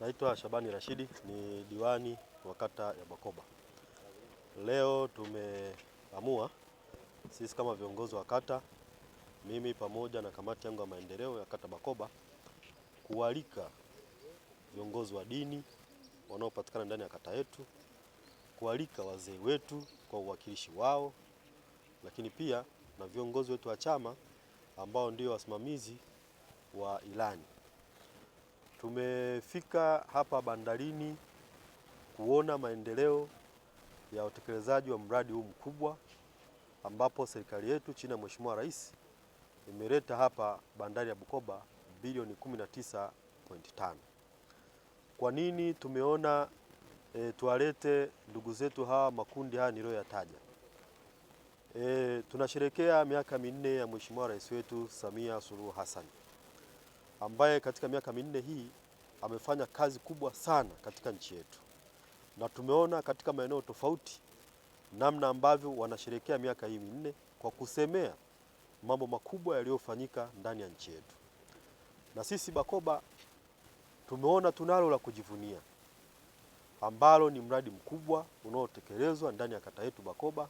Naitwa Shabani Rashidi, ni diwani wa kata ya Bakoba. Leo tumeamua sisi kama viongozi wa kata, mimi pamoja na kamati yangu ya maendeleo ya kata Bakoba, kualika viongozi wa dini wanaopatikana ndani ya kata yetu, kualika wazee wetu kwa uwakilishi wao, lakini pia na viongozi wetu wa chama ambao ndio wasimamizi wa ilani. Tumefika hapa bandarini kuona maendeleo ya utekelezaji wa mradi huu mkubwa ambapo serikali yetu chini ya Mheshimiwa Rais imeleta hapa bandari ya Bukoba bilioni 19.5. Kwa nini tumeona e, tuwalete ndugu zetu hawa makundi haya niliyoyataja? E, tunasherekea miaka minne ya Mheshimiwa Rais wetu Samia Suluhu Hassan ambaye katika miaka minne hii amefanya kazi kubwa sana katika nchi yetu, na tumeona katika maeneo tofauti namna ambavyo wanasherehekea miaka hii minne kwa kusemea mambo makubwa yaliyofanyika ndani ya nchi yetu, na sisi Bakoba tumeona tunalo la kujivunia ambalo ni mradi mkubwa unaotekelezwa ndani ya kata yetu Bakoba,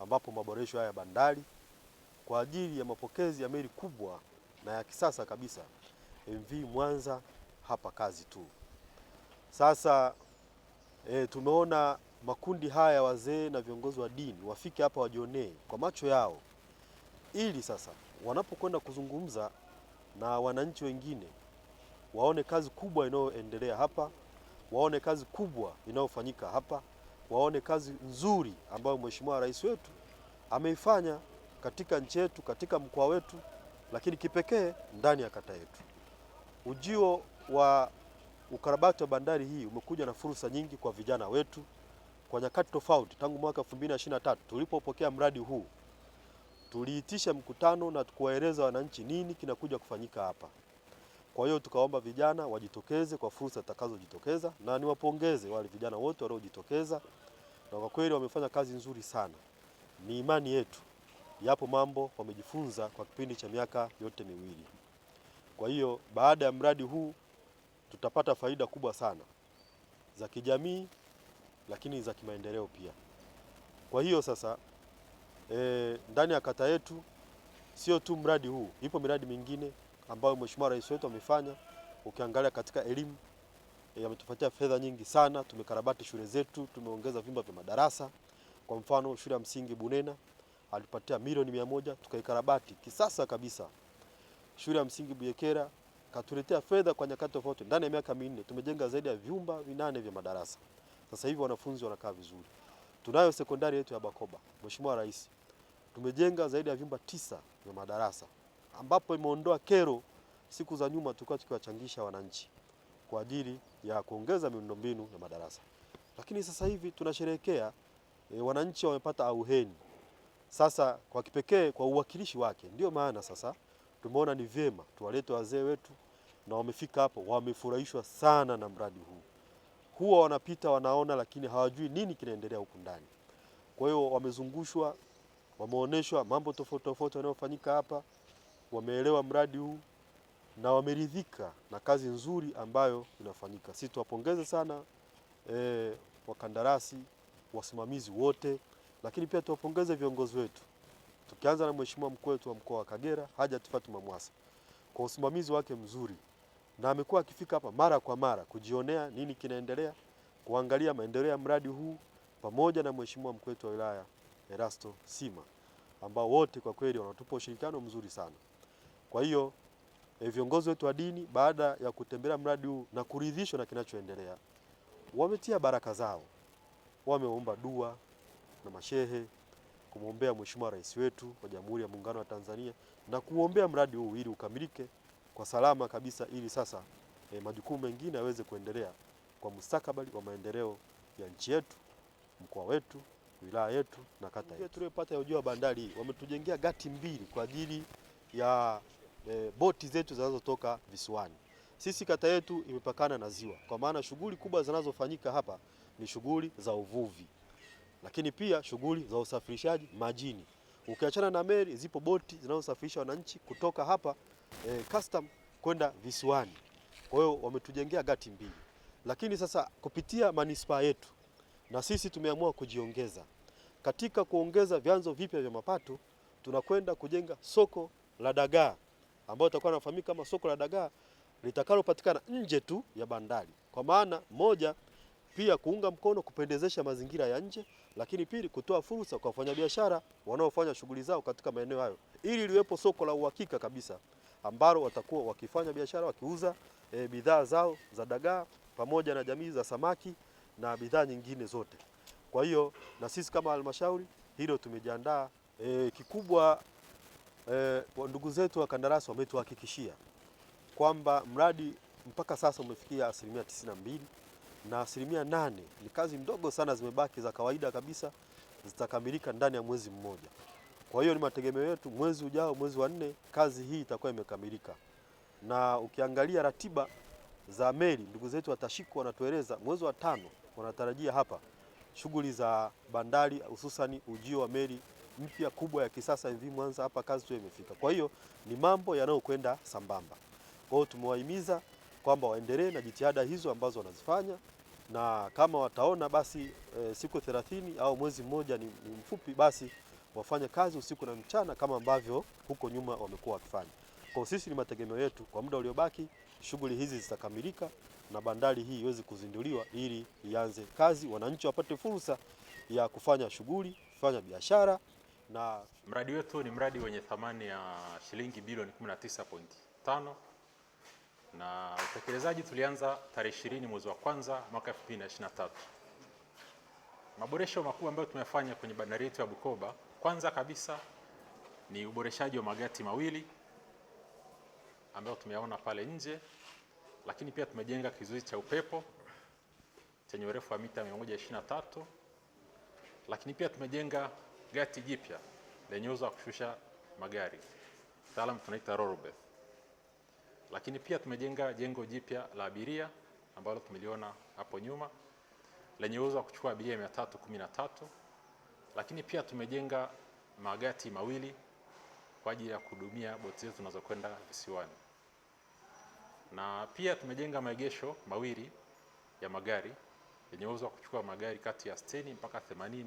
ambapo maboresho haya ya bandari kwa ajili ya mapokezi ya meli kubwa na ya kisasa kabisa MV Mwanza hapa kazi tu. Sasa e, tumeona makundi haya wazee na viongozi wa dini wafike hapa wajionee kwa macho yao, ili sasa wanapokwenda kuzungumza na wananchi wengine waone kazi kubwa inayoendelea hapa, waone kazi kubwa inayofanyika hapa, waone kazi nzuri ambayo Mheshimiwa Rais wetu ameifanya katika nchi yetu, katika mkoa wetu, lakini kipekee ndani ya kata yetu. Ujio wa ukarabati wa bandari hii umekuja na fursa nyingi kwa vijana wetu kwa nyakati tofauti. Tangu mwaka 2023 tulipopokea mradi huu, tuliitisha mkutano na kuwaeleza wananchi nini kinakuja kufanyika hapa. Kwa hiyo tukaomba vijana wajitokeze kwa fursa zitakazojitokeza, na niwapongeze wale vijana wote waliojitokeza, na kwa kweli wamefanya kazi nzuri sana. Ni imani yetu, yapo mambo wamejifunza kwa kipindi cha miaka yote miwili. Kwa hiyo baada ya mradi huu tutapata faida kubwa sana za kijamii, lakini za kimaendeleo pia. Kwa hiyo sasa e, ndani ya kata yetu sio tu mradi huu, ipo miradi mingine ambayo Mheshimiwa Rais wetu amefanya. Ukiangalia katika elimu e, ametupatia fedha nyingi sana, tumekarabati shule zetu, tumeongeza vyumba vya madarasa. Kwa mfano shule ya msingi Bunena alipatia milioni mia moja tukaikarabati kisasa kabisa shule ya msingi Buyekera katuletea fedha kwa nyakati tofauti. Ndani ya miaka minne tumejenga zaidi ya vyumba vinane vya madarasa. Sasa hivi wanafunzi wanakaa vizuri. Tunayo sekondari yetu ya Bakoba, Mheshimiwa Rais, tumejenga zaidi ya vyumba tisa vya madarasa ambapo imeondoa kero. Siku za nyuma tulikuwa tukiwachangisha wananchi kwa ajili ya kuongeza miundombinu ya madarasa, lakini sasa hivi tunasherehekea e, wananchi wamepata auheni sasa kwa kipekee kwa uwakilishi wake, ndio maana sasa tumeona ni vyema tuwalete wazee wetu, na wamefika hapo, wamefurahishwa sana na mradi huu. Huwa wanapita wanaona, lakini hawajui nini kinaendelea huku ndani. Kwa hiyo wamezungushwa, wameonyeshwa mambo tofauti tofauti yanayofanyika hapa, wameelewa mradi huu na wameridhika na kazi nzuri ambayo inafanyika. Sisi tuwapongeze sana e, wakandarasi, wasimamizi wote, lakini pia tuwapongeze viongozi wetu tukianza na mheshimiwa mkuu wetu wa mkoa wa Kagera Hajat Fatuma Mwasa kwa usimamizi wake mzuri, na amekuwa akifika hapa mara kwa mara kujionea nini kinaendelea, kuangalia maendeleo ya mradi huu pamoja na mheshimiwa mkuu wetu wa wilaya Erasto Sima ambao wote kwa kweli wanatupa ushirikiano mzuri sana. Kwa hiyo e, viongozi wetu wa dini baada ya kutembelea mradi huu na kuridhishwa na kinachoendelea, wametia baraka zao, wameomba dua na mashehe kumwombea Mheshimiwa Rais wetu wa Jamhuri ya Muungano wa Tanzania na kuombea mradi huu ili ukamilike kwa salama kabisa, ili sasa eh, majukumu mengine yaweze kuendelea kwa mustakabali wa maendeleo ya nchi yetu, mkoa wetu, wilaya yetu na kata yetu. Tuliyopata ujio wa bandari wametujengea gati mbili kwa ajili ya eh, boti zetu zinazotoka visiwani. Sisi kata yetu imepakana na ziwa, kwa maana shughuli kubwa zinazofanyika hapa ni shughuli za uvuvi lakini pia shughuli za usafirishaji majini. Ukiachana na meli, zipo boti zinazosafirisha wananchi kutoka hapa eh, custom kwenda visiwani. Kwa hiyo wametujengea gati mbili, lakini sasa kupitia manispaa yetu na sisi tumeamua kujiongeza katika kuongeza vyanzo vipya vya mapato. Tunakwenda kujenga soko la dagaa ambalo litakuwa nafahamika kama soko la dagaa litakalopatikana nje tu ya bandari, kwa maana moja pia kuunga mkono kupendezesha mazingira ya nje, lakini pili kutoa fursa kwa wafanyabiashara wanaofanya shughuli zao katika maeneo hayo, ili liwepo soko la uhakika kabisa ambalo watakuwa wakifanya biashara wakiuza e, bidhaa zao za dagaa pamoja na jamii za samaki na bidhaa nyingine zote. Kwa hiyo na sisi kama halmashauri hilo tumejiandaa e, kikubwa. E, ndugu zetu wa kandarasi wametuhakikishia kwamba mradi mpaka sasa umefikia asilimia 92 na asilimia nane ni kazi ndogo sana zimebaki za kawaida kabisa, zitakamilika ndani ya mwezi mmoja. Kwa hiyo ni mategemeo yetu mwezi ujao, mwezi wa nne, kazi hii itakuwa imekamilika. Na ukiangalia ratiba za meli, ndugu zetu wa wanatueleza mwezi wa tano wanatarajia hapa shughuli za bandari, hususani ujio wa meli mpya kubwa ya kisasa MV Mwanza hapa kazi tu imefika. Kwa hiyo ni mambo yanayokwenda sambamba. Kwa hiyo tumewahimiza kwamba waendelee na jitihada hizo ambazo wanazifanya, na kama wataona basi e, siku thelathini au mwezi mmoja ni, ni mfupi, basi wafanye kazi usiku na mchana kama ambavyo huko nyuma wamekuwa wakifanya. Kwa sisi ni mategemeo yetu kwa muda uliobaki shughuli hizi zitakamilika na bandari hii iweze kuzinduliwa ili ianze kazi, wananchi wapate fursa ya kufanya shughuli, kufanya biashara. Na mradi wetu ni mradi wenye thamani ya shilingi bilioni 19.5 na utekelezaji tulianza tarehe 20 mwezi wa kwanza mwaka 2023. Maboresho makubwa ambayo tumefanya kwenye bandari yetu ya Bukoba, kwanza kabisa ni uboreshaji wa magati mawili ambayo tumeyaona pale nje, lakini pia tumejenga kizuizi cha upepo chenye urefu wa mita 123, lakini pia tumejenga gati jipya lenye uwezo wa kushusha magari, taalamu tunaita rollbeth. Lakini pia tumejenga jengo jipya la abiria ambalo tumeliona hapo nyuma lenye uwezo wa kuchukua abiria 313, lakini pia tumejenga magati mawili kwa ajili ya kuhudumia boti zetu zinazokwenda visiwani, na pia tumejenga maegesho mawili ya magari yenye uwezo wa kuchukua magari kati ya 60 mpaka 80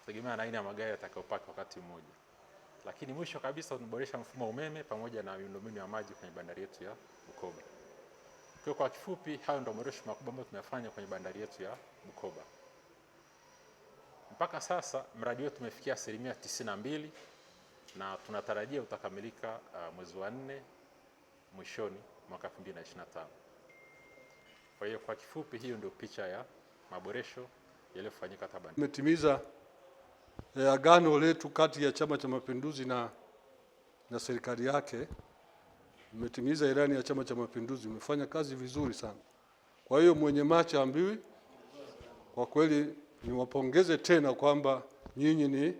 kutegemea na aina ya magari yatakayopaki wakati mmoja lakini mwisho kabisa umeboresha mfumo wa umeme pamoja na miundombinu ya maji kwenye bandari yetu ya Bukoba. Kwa kwa kifupi, hayo ndio maboresho makubwa ambayo tumeyafanya kwenye bandari yetu ya Bukoba. Mpaka sasa mradi wetu umefikia asilimia tisini na mbili na tunatarajia utakamilika uh, mwezi wa nne mwishoni mwaka 2025. Kwa hiyo kwa kifupi, hiyo ndio picha ya maboresho yaliyofanyika hapa. Umetimiza e, agano letu kati ya Chama cha Mapinduzi na, na serikali yake imetimiza ilani ya Chama cha Mapinduzi, imefanya kazi vizuri sana. Kwa hiyo mwenye macho ambiwi. Kwa kweli niwapongeze tena kwamba nyinyi ni eh,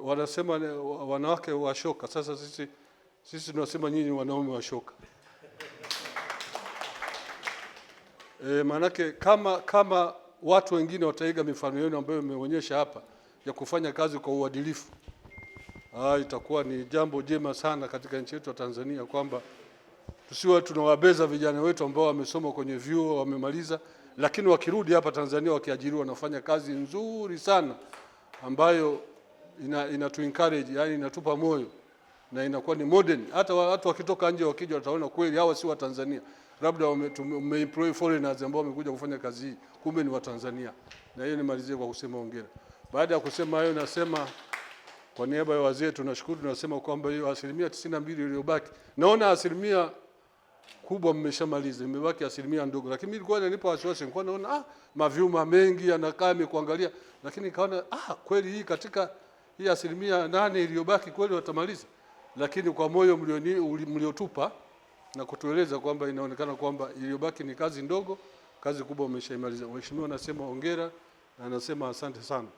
wanasema eh, wanawake washoka. Sasa sisi sisi tunasema nyinyi wanaume washoka. E, maanake kama kama watu wengine wataiga mifano yenu ambayo mmeonyesha hapa, ya kufanya kazi kwa uadilifu. Ah, itakuwa ni jambo jema sana katika nchi yetu ya Tanzania kwamba tusiwe tunawabeza vijana wetu ambao wamesoma kwenye vyuo wamemaliza, lakini wakirudi hapa Tanzania wakiajiriwa, wanafanya kazi nzuri sana ambayo ina, ina tu encourage yani inatupa moyo na inakuwa ni modern. Hata watu wakitoka nje wakija wataona kweli hawa si wa Tanzania, labda wameemploy foreigners ambao wamekuja kufanya kazi hii, kumbe ni wa Tanzania. Na hiyo nimalizie kwa kusema hongera. Baada ya kusema hayo, nasema kwa niaba ya wazee tunashukuru, tunasema kwamba hiyo asilimia tisini na mbili iliyobaki, naona asilimia kubwa mmeshamaliza, imebaki asilimia ndogo, lakini ilikuwa inanipa wasiwasi. Nilikuwa naona ah, mavyuma mengi yanakaa kuangalia, lakini nikaona ah, kweli hii katika hii asilimia nane iliyobaki kweli watamaliza, lakini kwa moyo mliotupa na kutueleza kwamba inaonekana kwamba iliyobaki ni kazi ndogo, kazi kubwa umeshaimaliza. Mheshimiwa, nasema hongera na nasema asante sana.